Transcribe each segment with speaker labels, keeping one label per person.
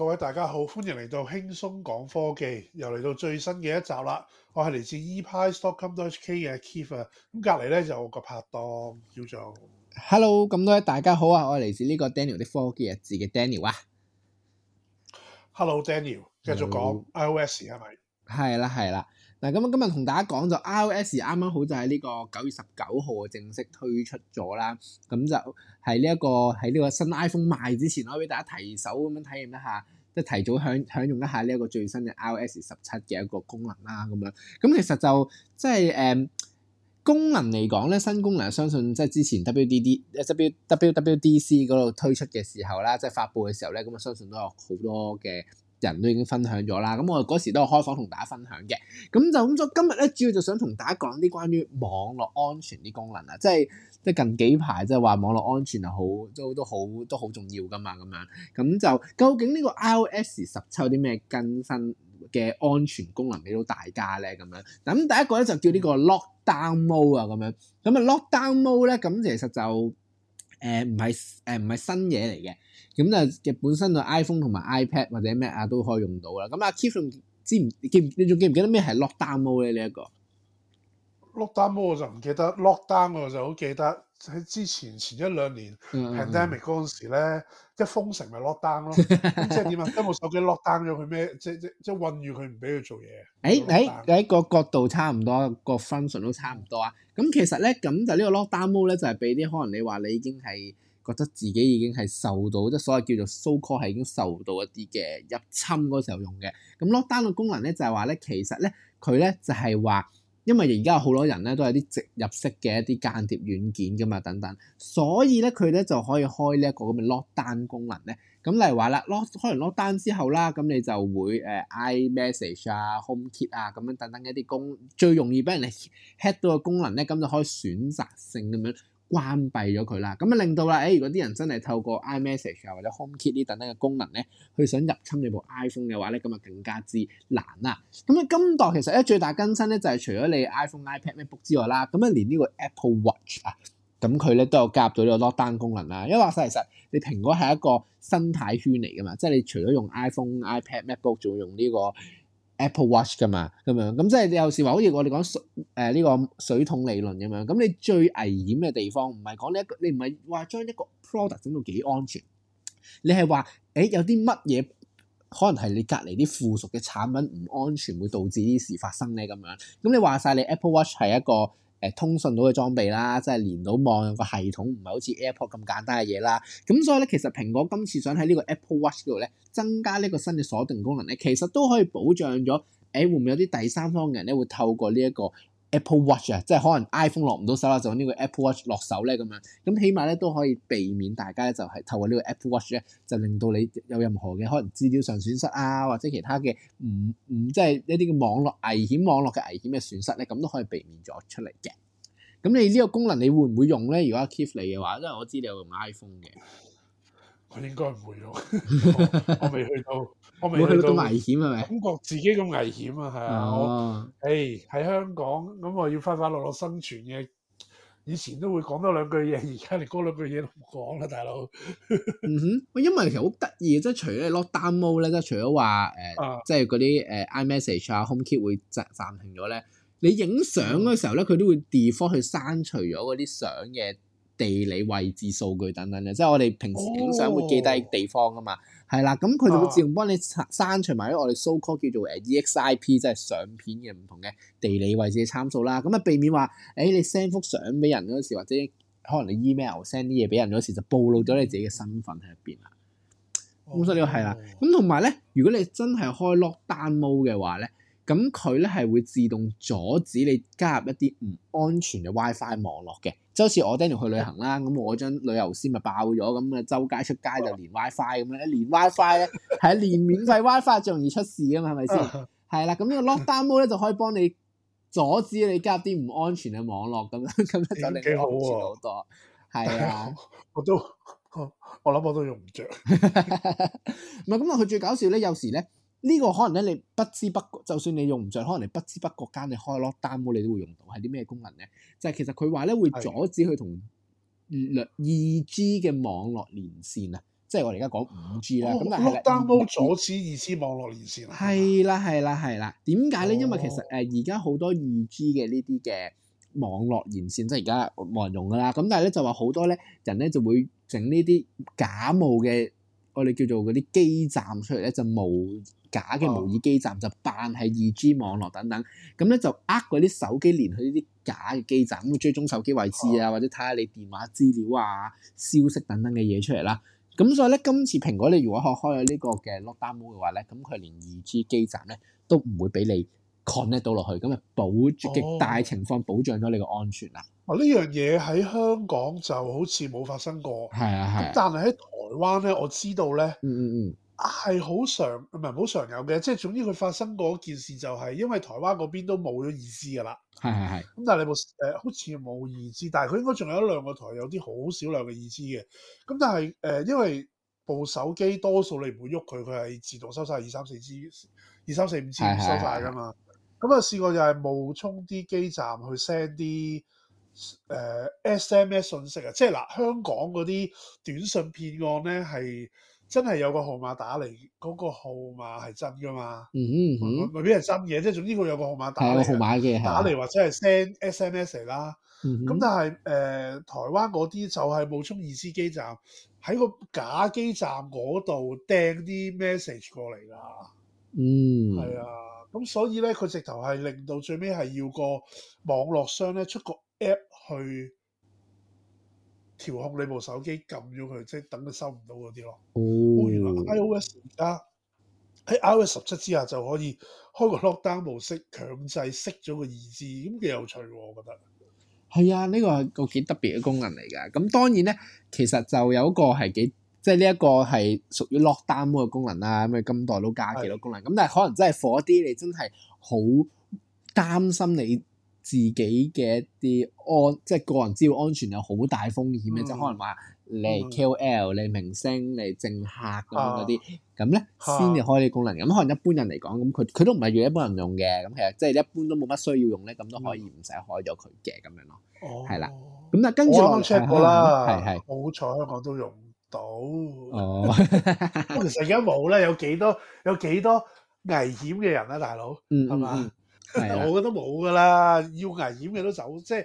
Speaker 1: 各位大家好，歡迎嚟到輕鬆講科技，又嚟到最新嘅一集啦。我係嚟自 eprice.com.hk 嘅 Kevin。咁隔籬咧就有個拍檔叫做。
Speaker 2: Hello，咁多位大家好啊！我係嚟自呢個 Daniel 的科技日誌嘅 Daniel 啊。Hello，Daniel，
Speaker 1: 繼續講 Hello. iOS 係咪？
Speaker 2: 係啦，係啦。嗱，咁今日同大家講就 iOS 啱啱好就喺呢個九月十九號正式推出咗啦，咁就係呢一個喺呢個新 iPhone 賣之前咯，俾大家提手咁樣體驗一下，即係提早享享用一下呢一個最新嘅 iOS 十七嘅一個功能啦，咁樣，咁其實就即係誒功能嚟講咧，新功能相信即係之前 WDD、W、WWDC 嗰度推出嘅時候啦，即係發布嘅時候咧，咁啊相信都有好多嘅。人都已經分享咗啦，咁我嗰時都有開房同大家分享嘅，咁就咁。咁今日咧，主要就想同大家講啲關於網絡安全啲功能啊，即係即係近幾排即係話網絡安全啊，好都都好都好重要噶嘛，咁樣咁就究竟呢個 iOS 十七有啲咩更新嘅安全功能俾到大家咧，咁樣咁第一個咧就叫呢個 Lockdown Mode, Lockdown 呢個 Lockdown Mode 啊，咁樣咁啊 Lockdown Mode 咧，咁其實就誒唔係誒唔係新嘢嚟嘅。咁啊嘅本身啊 iPhone 同埋 iPad 或者咩啊都可以用到啦。咁阿 Kieran 知唔你記唔你仲記唔記得咩係 lockdown mode 咧？呢一個
Speaker 1: lockdown mode 我就唔記得 lockdown 我就好記得喺之前前一兩年 pandemic 嗰陣時咧即封城咪 lockdown 咯， 即係點啊？將部手機 lockdown 咗佢咩？即即即韞住佢唔俾佢做嘢。
Speaker 2: 誒誒，喺個角度差唔多，個 function 都差唔多啊。咁其實咧，咁就呢個 lockdown mode 咧就係俾啲可能你話你已經係。覺得自己已經係受到即係所謂叫做 so call 係已經受到一啲嘅入侵嗰時候用嘅，咁 lockdown 嘅功能咧就係話咧，其實咧佢咧就係話，因為而家有好多人咧都係啲直入式嘅一啲間諜軟件㗎嘛，等等，所以咧佢咧就可以開呢一個咁嘅 lockdown 功能咧，咁例如話啦 lock 開完 lockdown 之後啦，咁你就會誒 iMessage 啊，HomeKit 啊，咁樣等等一啲功能最容易俾人哋 hit 到嘅功能咧，咁就可以選擇性咁樣。關閉咗佢啦，咁啊令到啦，誒、欸、如果啲人真係透過 iMessage 啊或者 HomeKit 啲等等嘅功能咧，去想入侵你部 iPhone 嘅話咧，咁啊更加之難啦。咁啊今代其實咧最大更新咧就係、是、除咗你 iPhone、iPad、MacBook 之外啦，咁啊連呢個 Apple Watch 啊，咁佢咧都有加入到呢個 Lockdown 功能啦。因為話晒其實你蘋果係一個生態圈嚟噶嘛，即、就、係、是、你除咗用 iPhone、iPad、MacBook 仲用呢、這個。Apple Watch 㗎、嗯、嘛，咁樣，咁即係你有時話，好似我哋講水，呢、呃這個水桶理論咁樣，咁、嗯、你最危險嘅地方，唔係講呢一個，你唔係話將一個 product 整到幾安全，你係話，誒、欸、有啲乜嘢可能係你隔籬啲附屬嘅產品唔安全，會導致呢啲事發生咧咁樣，咁、嗯、你話晒你 Apple Watch 係一個。誒通訊到嘅裝備啦，即係連到網個系統唔係好似 AirPod 咁簡單嘅嘢啦，咁所以咧其實蘋果今次想喺呢個 Apple Watch 度咧增加呢個新嘅鎖定功能咧，其實都可以保障咗，誒、欸、會唔會有啲第三方嘅人咧會透過呢、這、一個？Apple Watch 啊，即係可能 iPhone 落唔到手啦，就呢個 Apple Watch 落手咧咁樣，咁起碼咧都可以避免大家就係透過呢個 Apple Watch 咧，就令到你有任何嘅可能資料上損失啊，或者其他嘅唔唔即係一啲嘅網絡危險、網絡嘅危險嘅損失咧，咁都可以避免咗出嚟嘅。咁你呢個功能你會唔會用咧？如果阿 Keith 你嘅話，因為我知道你用 iPhone 嘅。佢應該唔會喎， 我
Speaker 1: 未去到，我未去到， 去到危險係咪？感覺自己咁危險啊，係啊，oh。我喺、hey，香港咁我要快快樂樂生存嘅，以前都會講多兩句嘢，而家你嗰兩句嘢都唔講啦，大佬。 嗯、
Speaker 2: 哼，我因為其實好得意嘅，即係除咗 lockdown mode 咧，呃 uh, 即係除咗話誒，即係嗰啲誒 iMessage 啊、uh. HomeKit 會暫暫停咗咧，你影相嘅時候咧，佢、uh. 都會 defer 去刪除咗嗰啲相嘅。地理位置數據等等嘅，即係我哋平時影相會記低地方噶嘛，係啦、哦。咁佢就會自動幫你刪除埋啲我哋搜 code 叫做誒 EXIP，即係相片嘅唔同嘅地理位置嘅參數啦。咁啊，避免話誒、哎、你 send 幅相俾人嗰時，或者可能你 email send 啲嘢俾人嗰時，就暴露咗你自己嘅身份喺入邊啦。冇錯、哦，呢個係啦。咁同埋咧，如果你真係開 lock d m o 嘅話咧。咁佢咧係會自動阻止你加入一啲唔安全嘅 WiFi 網絡嘅，就好似我， 我 Daniel 去旅行啦，咁我張旅遊先咪爆咗，咁啊周街出街就連 WiFi 咁樣，一 連 WiFi 咧係 連免費 WiFi 最容易出事㗎嘛，係咪先？係啦，咁 呢個 Lockdown Mode 咧就可以幫你阻止你加入啲唔安全嘅網絡咁樣，咁咧就令你安全好多。係啊的我，我都我諗我，我，我，我，我都用唔着。唔係咁啊，佢最搞笑咧，有時咧～呢呢個可能咧，你不知不覺就算你用唔着，可能你不知不覺間你開 lockdown 你都會用到，係啲咩功能咧？就係、是、其實佢話咧會阻止佢同二 G 嘅網絡連線啊，的即係我哋而家講五 G 啦。咁 lockdown 阻止二 G 網絡連線啊？係啦係啦係啦。點解咧？為哦、因為其實誒而家好多二 G 嘅呢啲嘅網絡連線，即係而家冇人用噶啦。咁但係咧就話好多咧人咧就會整呢啲假冒嘅我哋叫做啲基站出嚟咧，就無。假嘅模擬基站、啊、就扮係二 G 網絡等等，咁咧就呃嗰啲手機連去呢啲假嘅基站，咁追蹤手機位置啊，或者睇下你電話資料啊、消息等等嘅嘢出嚟啦。咁所以咧，今次蘋果你如果學開咗呢個嘅 Lockdown 嘅話咧，咁佢連二 G 基站咧都唔會俾你 connect 到落去，咁啊保住極大情況保障咗你個安全啦。
Speaker 1: 哦，呢樣嘢喺香港就好似冇發生過，係啊係。啊但係喺台灣咧，啊、我知道咧，嗯嗯嗯。嗯係好常唔係好常有嘅，即係總之佢發生過件事就係因為台灣嗰邊都冇咗二 G 嘅啦。係係係。咁但係你部誒好似冇二 G，但係佢應該仲有一兩個台有啲好少量嘅二 G 嘅。咁但係誒、呃，因為部手機多數你唔會喐佢，佢係自動收晒，二三四 G、二三四五 G 收晒㗎嘛。咁啊是試過就係冒充啲基站去 send 啲誒 SMS 信息啊，即係嗱、呃、香港嗰啲短信騙案咧係。真係有個號碼打嚟，嗰、那個號碼係真㗎嘛？嗯哼、
Speaker 2: mm，hmm。未
Speaker 1: 必係真嘅。即係總之佢有個號碼打嚟，mm hmm。打嚟或者係 send SMS 啦。咁、mm hmm。但係誒、呃，台灣嗰啲就係冒充二師基站，喺個假基站嗰度掟啲 message 過嚟㗎。嗯、mm，係、hmm。啊。咁所以咧，佢直頭係令到最尾係要個網絡商咧出個 app 去。調控你部手機，撳咗佢，即係等佢收唔到嗰啲咯。哦，iOS 而家喺 iOS 十七之下就可以開個 lockdown 模式，強制熄咗個耳字。咁幾有趣喎，我覺得。
Speaker 2: 係啊，呢、呢個係個幾特別嘅功能嚟㗎。咁當然咧，其實就有個係幾，即係呢一個係屬於 lockdown 嘅功能啦。咁啊，今代都加幾多功能咁，的但係可能真係火啲，你真係好擔心你自己嘅一啲安，即係個人資料安全有好大風險嘅，即係可能話你 KOL、你明星、你政客咁嗰啲，咁咧先至開呢功能。咁可能一般人嚟講，咁佢佢都唔係要一般人用嘅。咁其實即係一般都冇乜需要用咧，咁都可以唔使開咗佢嘅咁樣咯。哦，係啦。咁啊，跟住我 check 過啦，係係。好
Speaker 1: 彩香港都用到。哦，其實而家冇咧，有幾多有幾多危險嘅人咧，大佬，係嘛？ 我覺得冇噶啦，要危險嘅都走，即係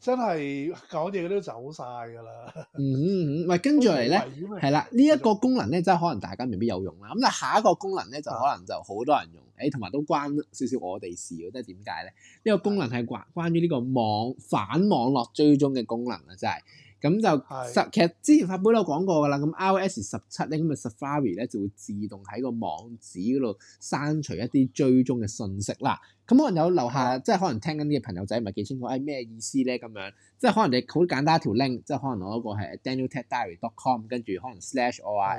Speaker 1: 真係講嘢嘅都走晒噶啦。嗯
Speaker 2: 嗯嗯，咪跟住嚟咧，係啦， 呢、這、一個功能咧，真係可能大家未必有用啦。咁但係下一個功能咧，就可能就好多人用。誒是的，同埋都關少少我哋事，即係點解咧？呢、這個功能係關關於呢個網是的 反網絡追蹤嘅功能啊，真係。咁就十，的其實之前法杯都講過㗎啦。咁 iOS 十七咧，咁啊 Safari 咧就會自動喺個網址嗰度刪除一啲追蹤嘅信息啦。咁可能有樓下的即係可能聽緊啲嘅朋友仔唔係幾清楚，誒、哎、咩意思咧咁樣？即係可能你好簡單一條 link，即係可能我嗰個係 DanielTedDiary.com，跟住可能 slash 我話誒誒誒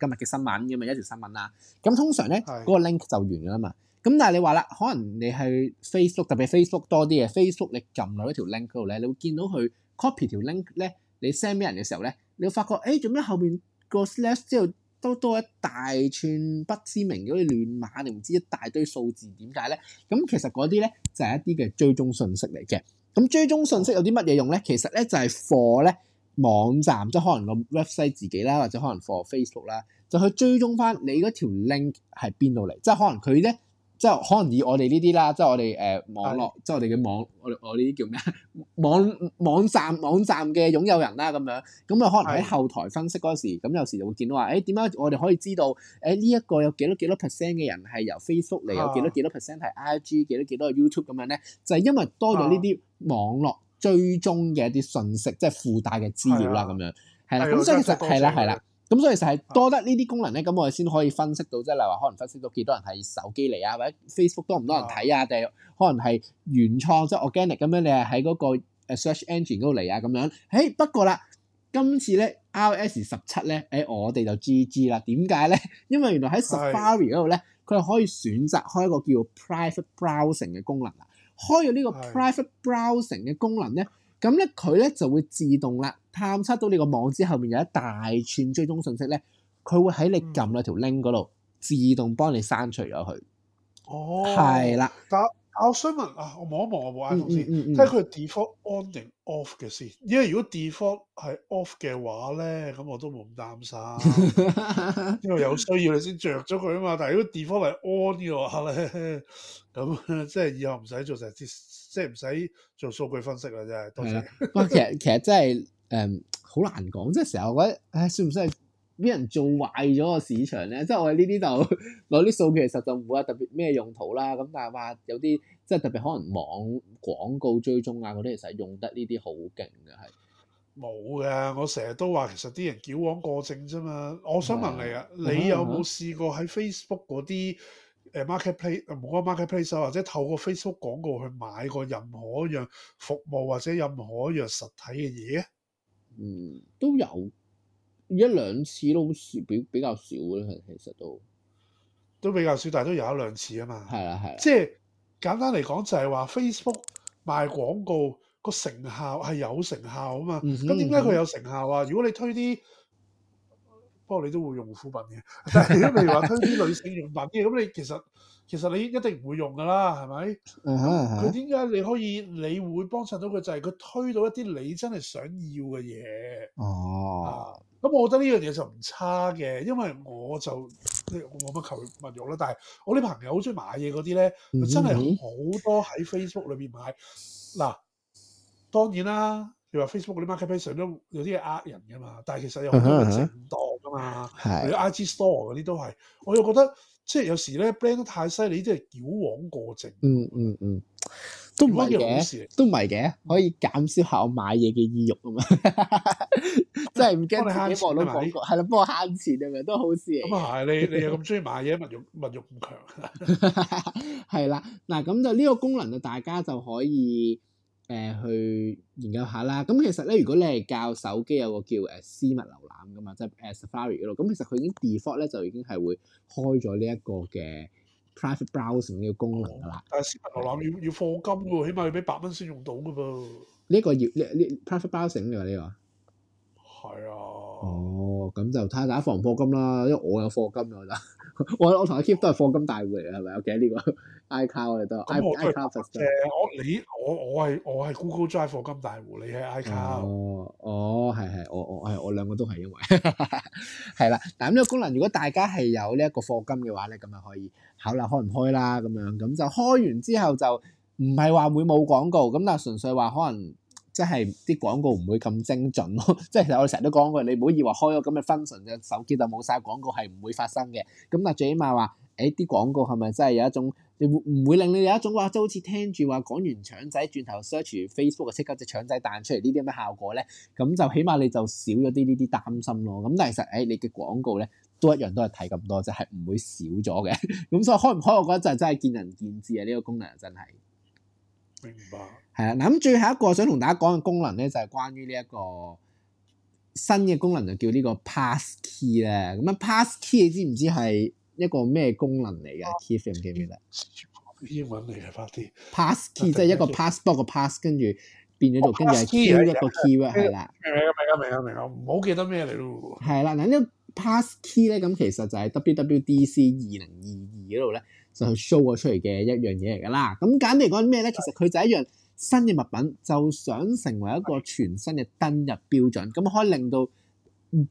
Speaker 2: 今日嘅新聞咁啊一條新聞啦。咁通常咧嗰、那個 link 就完㗎啦嘛。咁但係你話啦，可能你係 Facebook 特別 Facebook 多啲嘅 Facebook，你撳落一條 link 度咧，你會見到佢 copy 條 link 咧，你 send 俾人嘅時候咧，你會發覺誒做咩後面個 slash 之後都多一大串不知名嘅嗰啲亂碼，你唔知一大堆數字點解咧？咁其實嗰啲咧就係、是、一啲嘅追蹤信息嚟嘅。咁追蹤信息有啲乜嘢用咧？其實咧就係、是、for 咧網站，即係可能個 website 自己啦，或者可能 for Facebook 啦，就去追蹤翻你嗰條 link 喺邊度嚟，即係可能佢咧。即係可能以我哋呢啲啦，即係我哋誒網絡，即係我哋嘅網，我我呢啲叫咩啊？網網站網站嘅擁有人啦，咁樣，咁啊可能喺後台分析嗰時，咁有時就會見到話，誒點解我哋可以知道，誒呢一個有幾多幾多 percent 嘅人係由 Facebook 嚟，有幾多幾多 percent 係 IG，幾多幾多 YouTube 咁樣咧？就係因為多咗呢啲網絡追蹤嘅一啲信息，即係附帶嘅資料啦，咁樣係啦，咁所以其實係啦，係啦。咁所以就係多得呢啲功能咧，咁我哋先可以分析到，即係例如話，可能分析到幾多人係手機嚟啊，或者 Facebook 多唔多人睇啊，定可能係原創即係 organic 咁樣，你係喺嗰個 search engine 嗰度嚟啊咁樣。誒不過啦，今次咧 RS 十七咧，誒、欸、我哋就知知啦。點解咧？因為原來喺 Safari 嗰度咧，佢是的 可以選擇開一個叫 private browsing 嘅功能啦。開咗呢個 private browsing 嘅功能咧。咁咧，佢咧就會自動啦，探測到你個網址後面有一大串追蹤信息咧，佢會喺你撳落條 link 嗰度自動幫你刪除咗佢。
Speaker 1: 哦，係啦。我想問啊，我望一望我部 iPhone 先摸摸，睇佢、嗯嗯嗯、default on 定 off 嘅先，因為如果 default 係 off 嘅話咧，咁我都冇咁擔心。 因為有需要你先着咗佢啊嘛，但係如果 default 係 on 嘅話咧，咁即係以後唔使做成日即係唔使做數據分析啦，真
Speaker 2: 係。多謝、啊，其實真係誒，好難講，即係成日我覺得算算，唉，算唔算？俾人做壞咗個市場咧，即係我哋呢啲就攞啲數據，實在冇話特別咩用途啦。咁但係話有啲即係特別可能網廣告追蹤啊嗰啲，其實用得呢啲好勁嘅係
Speaker 1: 冇嘅。我成日都話其實啲人矯枉過正啫嘛。我想問你啊，你有冇試過喺 Facebook 嗰啲誒 marketplace，冇好 marketplace 啊，market place，或者透過 Facebook 廣告去買過任何一樣服務或者任何一樣實體嘅嘢咧？
Speaker 2: 嗯，
Speaker 1: 都有。一兩次都好少，比比較少嘅。其實都都比較少，但係都有一兩次啊嘛。係啦，
Speaker 2: 係。即係
Speaker 1: 簡單嚟講，就係話 Facebook 賣廣告個成效係有成效啊嘛。咁點解佢有成效啊？的如果你推啲。不過你都會用護膚品嘅，但係如果譬如話推啲女性用品嘅，咁你其實其實你一定唔會用㗎啦，係咪？佢點解你可以？你會幫襯到佢就係、是、佢推到一啲你真係想要嘅嘢。哦、 啊，咁我覺得呢樣嘢就唔差嘅，因為我就即我冇乜求物慾啦。但係我啲朋友好中意買嘢嗰啲咧， 就真係好多喺 Facebook 裏邊買。嗱、啊，當然啦，譬如話 Facebook 嗰啲 Marketplace 都有啲嘢呃人㗎嘛，但係其實有好多嘅 嘛，你 I G Store 嗰啲都係，我又覺得即係有時咧，brand 得太犀利，即係矯枉過正。
Speaker 2: 嗯嗯嗯，都唔係嘅，都唔係嘅，可以減少下我買嘢嘅意欲啊嘛，即係唔驚睇到廣告，係咯，幫我慳錢啊咪？都好事。咁啊係，你你又咁中意買嘢，物欲
Speaker 1: 物慾咁強。
Speaker 2: 係 啦， 嗱咁就呢個功能就大家就可以。誒去研究下啦，咁其實咧，如果你係教手機有個叫誒私密瀏覽噶嘛，即係誒 Safari 嗰度，咁其實佢已經 default 咧就已經係會開咗呢一個嘅 private browsing 呢個功能噶啦。但係私密瀏覽要要課金喎，起碼要俾百
Speaker 1: 蚊先用到噶噃。
Speaker 2: 呢個要呢呢 private browsing 㗎呢話？係啊。哦，咁就睇下大家放唔課金啦，因為我有課金㗎咋，我 我同阿 Keep 都係課金大戶嚟嘅，係咪？我記得呢個。iCar 我哋
Speaker 1: 都。
Speaker 2: 咁我佢、誒、我、你、我、我係我係 Google Drive 課金大戶。你係 iCar？哦、哦係係。我我係我兩個都係因為係啦。嗱咁呢個功能，如果大家係有呢一個課金嘅話咧，咁啊可以考慮開唔開啦咁樣。咁就開完之後就唔係話會冇廣告，咁但係純粹話可能即係啲廣告唔會咁精準咯，即係其實我哋成日都講過，你唔好以為開咗咁嘅 function 嘅手機就冇晒廣告，係唔會發生嘅，咁但係最起碼話誒啲廣告係咪真係有一種？你會唔會令你有一種話，即係好似聽住話講完腸仔，轉頭 search Facebook 即刻隻腸仔彈出嚟呢啲咁嘅效果咧？咁就起碼你就少咗啲呢啲擔心咯。咁但係其實誒、哎，你嘅廣告咧都一樣都係睇咁多，即係唔會少咗嘅。咁 所以開唔開，我覺得就真係見仁見智啊。呢、呢個功能真係明白。係啊，嗱咁最後一個想同大家講嘅功能咧，就係、係、關於呢一個新嘅功能，就叫呢個 pass key 啦。咁啊 pass key，你知唔知係？一個咩功能嚟㗎？key，你唔記得？英文嚟嘅，快啲。
Speaker 1: Pass key 即係一個 passport
Speaker 2: 嘅 pass，跟住變咗做，跟住係一個 keyword 係啦。明啊明啊明啊明啊！唔
Speaker 1: 好記得咩嚟咯。
Speaker 2: 係啦，嗱呢、這個 pass key 咧，咁其實就係 WWDC 二零二二嗰度咧，就去 show 過出嚟嘅一樣嘢嚟㗎啦。咁、嗯嗯、簡單嚟講咩咧？其實佢就係一樣新嘅物品，就想成為一個全新嘅登入標準，咁可以令到。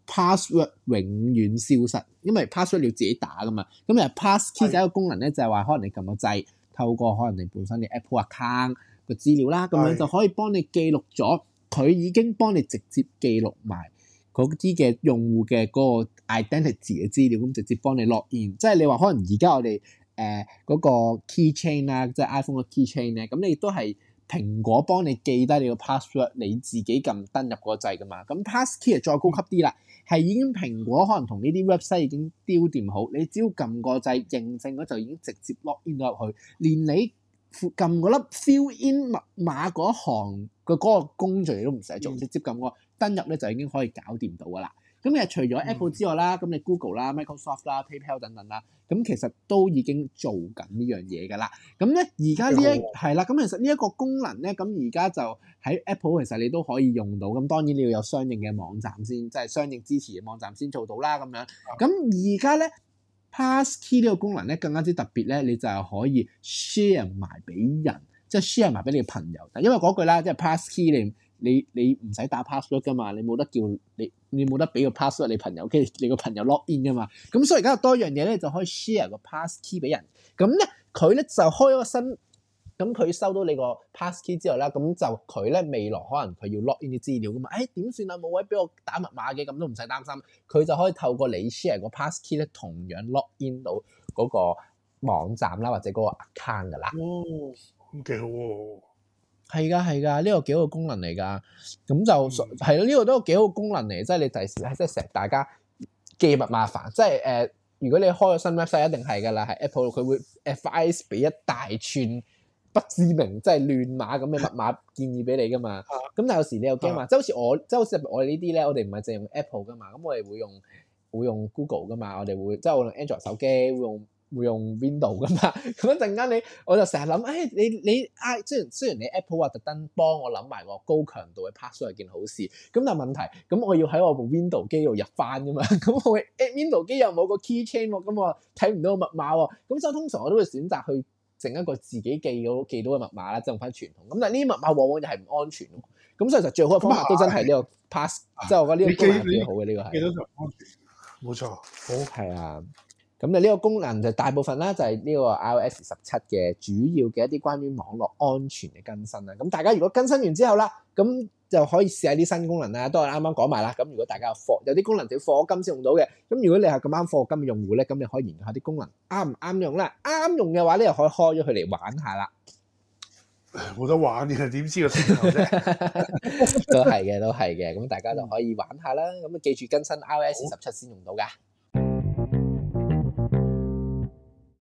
Speaker 2: password 永遠消失，因為 password 要自己打噶嘛。咁其實 password key 就是一個功能咧，就係話可能你撳個掣，透過可能你本身嘅 Apple account 個資料啦，咁樣是就可以幫你記錄咗，佢已經幫你直接記錄埋嗰啲嘅用戶嘅嗰個 identity 嘅資料，咁直接幫你 log in。即係你話可能而家我哋誒嗰個 keychain 啊，即係 iPhone 嘅 keychain 咧，咁你都係。蘋果幫你記低你個 password，你自己撳登入個掣噶嘛。咁 passkey 係再高級啲啦，係已經蘋果可能同呢啲 website 已經丟掂好，你只要撳個掣認證嗰就已經直接 login 咗入去，連你撳嗰粒 fill in 密碼嗰行嘅嗰個工序你都唔使做，嗯、直接撳個登入咧就已經可以搞掂到噶啦。咁誒，嗯、除咗 Apple 之外啦，咁你 Google 啦、Microsoft 啦、PayPal 等等啦，咁其實都已經做緊呢樣嘢㗎啦。咁咧，而家呢一係啦，咁其實呢一個功能咧，咁而家就喺 Apple 其實你都可以用到。咁當然你要有相應嘅網站先，即係相應支持嘅網站先做到啦。咁樣，咁而家咧，Pass Key 呢個功能咧更加之特別咧，你就係可以 share 埋俾人，即係 share 埋俾你嘅朋友。因為嗰句啦，即係 Pass Key 你你你唔使打 password 噶嘛，你冇得叫你。你冇得俾個 password 你朋友，跟住你個朋友 login 噶嘛？咁所以而家有多樣嘢咧，就可以 share 個 pass key 俾人。咁咧，佢咧就開咗個新，咁佢收到你個 pass key 之後咧，咁就佢咧未來可能佢要 login 啲資料噶嘛？誒點算啊？冇位俾我打密碼嘅，咁都唔使擔心，佢就可以透過你 share 個 pass key 咧，同樣 login 到嗰個網站啦或者嗰個 account 噶啦。哦，咁幾好喎，哦！係噶係噶，呢、這個幾個功能嚟噶，咁就係咯，呢、嗯這個都有幾好功能嚟，即係你第時，即係成日大家記密碼麻煩，即係誒、呃，如果你開咗新 app 咧，一定係噶啦，喺 Apple 佢會 advise 俾一大串不知名，即係亂碼咁嘅密碼建議俾你噶嘛。咁 但有時你又驚嘛， 即係好似我，即係好似我哋呢啲咧，我哋唔係淨用 Apple 噶嘛，咁我哋會用會用 Google 噶嘛，我哋會即係我用 Android 手機會用。會用 Window 噶嘛？咁一陣間你，我就成日諗，誒你你 I 雖然雖然你 Apple 啊特登幫我諗埋個高強度嘅 password 係件好事，咁但係問題，咁我要喺我部 Window 機度入翻噶嘛？咁、欸 uh，我 Window 機又冇個 keychain 咁我睇唔到個密碼喎。咁所以通常我都會選擇去整一個自己記到記到嘅密碼啦，即用翻傳統。咁但係呢啲密碼往往就係唔安全。咁所以就最好嘅方法都真係呢個 pass、啊、s 即係我覺得呢個功能係幾好嘅呢個係。安全、啊？冇錯，好係啊。咁啊，呢個功能就大部分啦，就係呢個 iOS 十七嘅主要嘅一啲關於網絡安全嘅更新啦。咁大家如果更新完之後啦，咁就可以試下啲新功能啦。都係啱啱講埋啦。咁如果大家有貨，有啲功能就要貨金先用到嘅，咁如果你係咁啱貨金嘅用戶咧，咁你可以研究下啲功能啱唔啱用啦。啱用嘅話，你就可以開咗佢嚟玩下啦。冇得玩，你係點知個先頭啫？都係嘅，都係嘅。咁大家就可以玩下啦。咁記住更新 iOS 十七先用到噶。